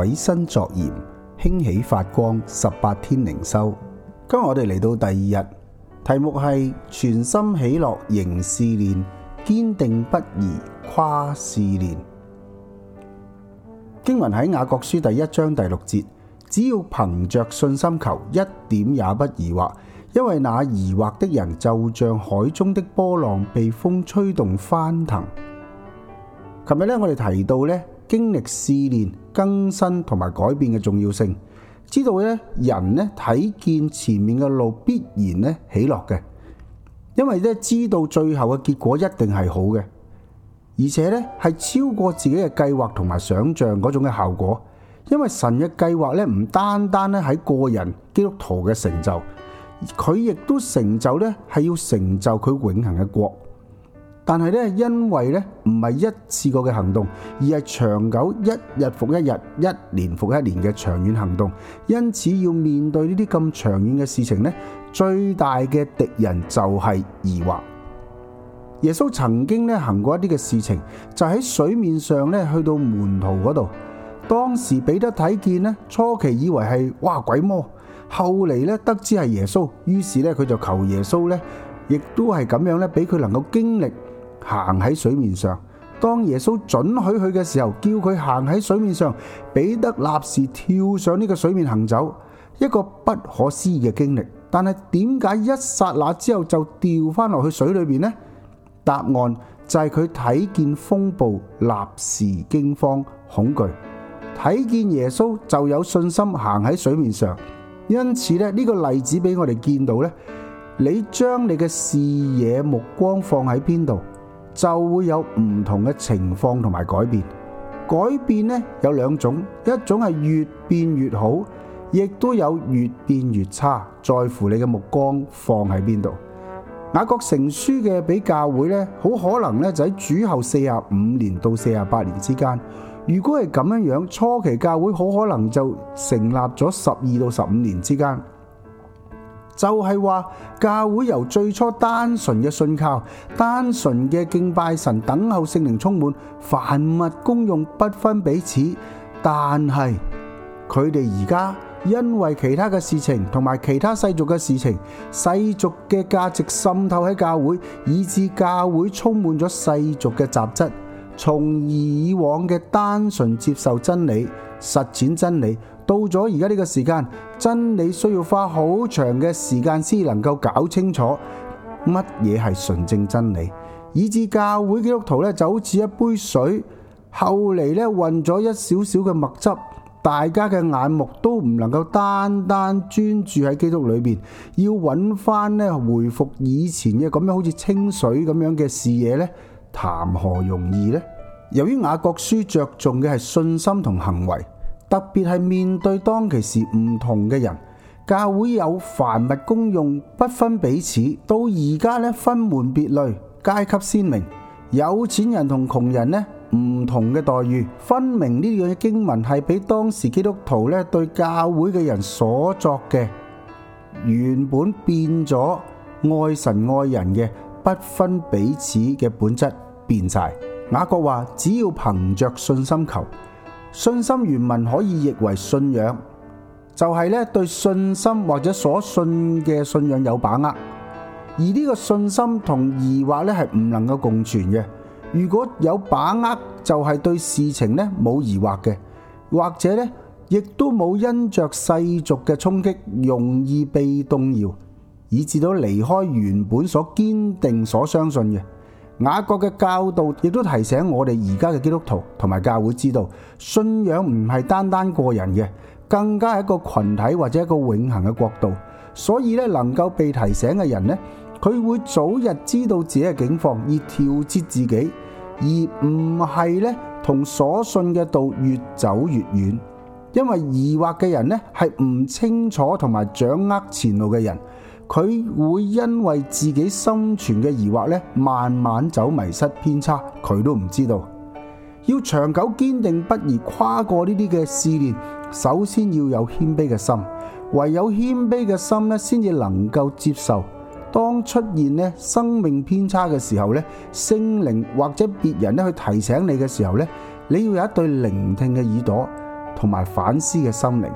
委身作鹽，興起發光，十八天靈修。今日我哋嚟到第二日，題目係全心喜樂迎試煉，堅定不移跨試煉。經文喺《雅各書》第一章第六節，只要憑着信心求，一點也不疑惑，因為那疑惑的人，就像海中的波浪，被風吹動翻騰。琴日咧，我哋提到呢。經歷試煉、更新同埋改變嘅重要性，知道咧人咧睇見前面嘅路必然咧喜樂嘅，因為咧知道最後嘅結果一定係好嘅，而且咧係超過自己嘅計劃同埋想象嗰種嘅效果，因為神嘅計劃咧唔單單咧喺個人基督徒嘅成就，佢亦都成就咧係要成就佢永恒嘅國。但係咧，因為咧唔係一次過嘅行動，而係長久一日復一日、一年復一年嘅長遠行動。因此要面對呢啲咁長遠嘅事情咧，最大嘅敵人就係疑惑。耶穌曾經咧行過一啲嘅事情，就喺水面上咧去到門徒嗰度。當時彼得睇見咧，初期以為係哇鬼魔，後嚟咧得知係耶穌，於是咧佢就求耶穌咧，亦都係咁樣咧俾佢能夠經歷。行喺水面上，當耶穌准許佢嘅時候，叫佢行喺水面上，彼得立時跳上呢個水面行走，一個不可思議嘅經歷。但係點解一剎那之後就掉翻落去水裏邊呢？答案就係佢睇見風暴立時驚慌恐懼，睇見耶穌就有信心行喺水面上。因此咧，呢個例子俾我哋見到咧，你將你嘅視野目光放喺邊度？就會有唔同嘅情況同埋改變，改變咧有兩種，一種係越變越好，亦都有越變越差，在乎你嘅目光放喺邊度。雅各成書嘅俾教會咧，好可能咧就喺主後四十五年到四十八年之間。如果係咁樣樣，初期教會好可能就成立咗十二到十五年之間。就係、是、話教會由最初單純嘅信靠、單純嘅敬拜神、等候聖靈充滿、凡物公用、不分彼此，但係佢哋而家因為其他嘅事情同埋其他世俗嘅事情，世俗嘅價值滲透喺教會，以致教會充滿咗世俗嘅雜質，從而以往嘅單純接受真理、實踐真理。到咗而家呢個時間，真理需要花好長嘅時間先能夠搞清楚乜嘢係純正真理，以至教會基督徒咧就好似一杯水，後嚟咧混咗一少少嘅墨汁，大家嘅眼目都唔能夠單單專注喺基督裏邊，要揾翻咧回復以前嘅咁樣好似清水咁樣嘅視野咧，談何容易呢？由於雅各書着重嘅係信心同行為。特別係面對當其時唔同嘅人，教會有凡物公用，不分彼此。到而家咧分門別類，階級鮮明，有錢人同窮人呢唔同嘅待遇。分明呢樣嘅經文係畀當時基督徒咧對教會嘅人所作嘅，原本變咗愛神愛人嘅不分彼此嘅本質變晒。雅各話只要憑着信心求。信心原文可以譯為信仰，就係、是、咧，對信心或者所信嘅信仰有把握。而呢個信心同疑惑咧係唔能夠共存嘅。如果有把握，就係對事情咧冇疑惑嘅，或者咧亦都冇因着世俗嘅衝擊容易被動搖，以至到離開原本所堅定所相信嘅。雅各嘅教導亦都提醒我哋而家嘅基督徒同埋教會知道，信仰唔係單單個人嘅，更加係一個群體或者一個永恆嘅國度。所以咧，能夠被提醒嘅人咧，佢會早日知道自己嘅境況，而調節自己，而唔係咧同所信嘅道越走越遠。因為疑惑嘅人咧，係唔清楚同埋掌握前路嘅人。佢會因為自己心存嘅疑惑咧，慢慢走迷失偏差，佢都唔知道。要長久堅定不移，不宜跨過呢啲嘅試煉。首先要有謙卑嘅心，唯有謙卑嘅心咧，先至能夠接受。當出現咧生命偏差嘅時候咧，聖靈或者別人咧去提醒你嘅時候咧，你要有一對聆聽嘅耳朵同埋反思嘅心靈。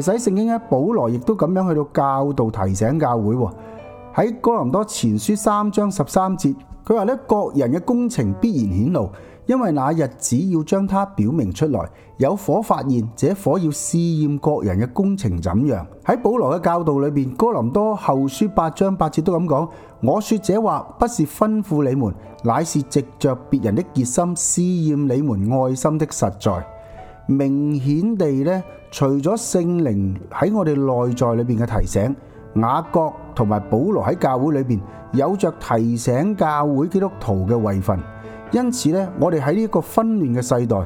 其實，聖經的保羅亦都咁樣去到教導提醒教會。喺哥林多前書三章十三節，佢話咧，各人嘅工程必然顯露，因為那日子要將它表明出來，有火發現，這火要試驗各人嘅工程怎樣。喺保羅嘅教導裏面，哥林多後書八章八節都咁講，我說這話不是吩咐你們，明顯地咧，除咗聖靈喺我哋內在裏邊嘅提醒，雅各同埋保羅喺教會裏邊有着提醒教會基督徒嘅位分。因此咧，我哋喺呢一個紛亂嘅世代，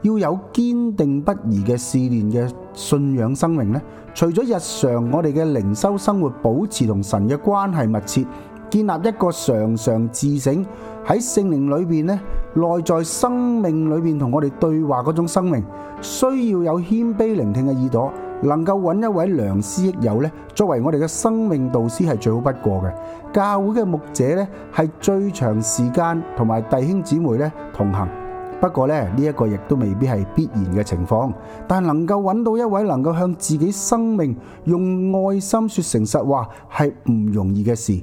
要有堅定不移嘅試煉嘅信仰生命咧，除咗日常我哋嘅靈修生活，保持同神嘅關係密切。建立一個常常自省喺聖靈裏邊咧，內在生命裏邊同我哋對話嗰種生命，需要有謙卑聆聽嘅耳朵，能夠揾一位良師益友咧，作為我哋嘅生命導師係最好不過嘅。教會嘅牧者咧，係最長時間同埋弟兄姊妹咧同行，不過咧呢一個亦都未必係必然嘅情況，但係能夠揾到一位能夠向自己生命用愛心説誠實話係唔容易嘅事。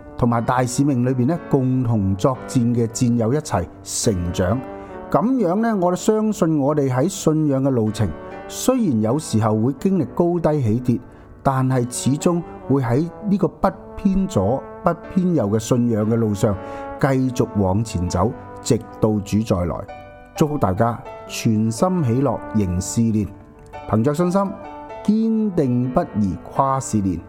同埋大使命裏邊咧，共同作戰嘅戰友一齊成長，咁樣咧，我哋相信我哋喺信仰嘅路程，雖然有時候會經歷高低起跌，但係始終會喺呢個不偏左不偏右嘅信仰嘅路上繼續往前走，直到主再來。祝福大家全心喜樂迎試煉，憑着信心堅定不移跨試煉。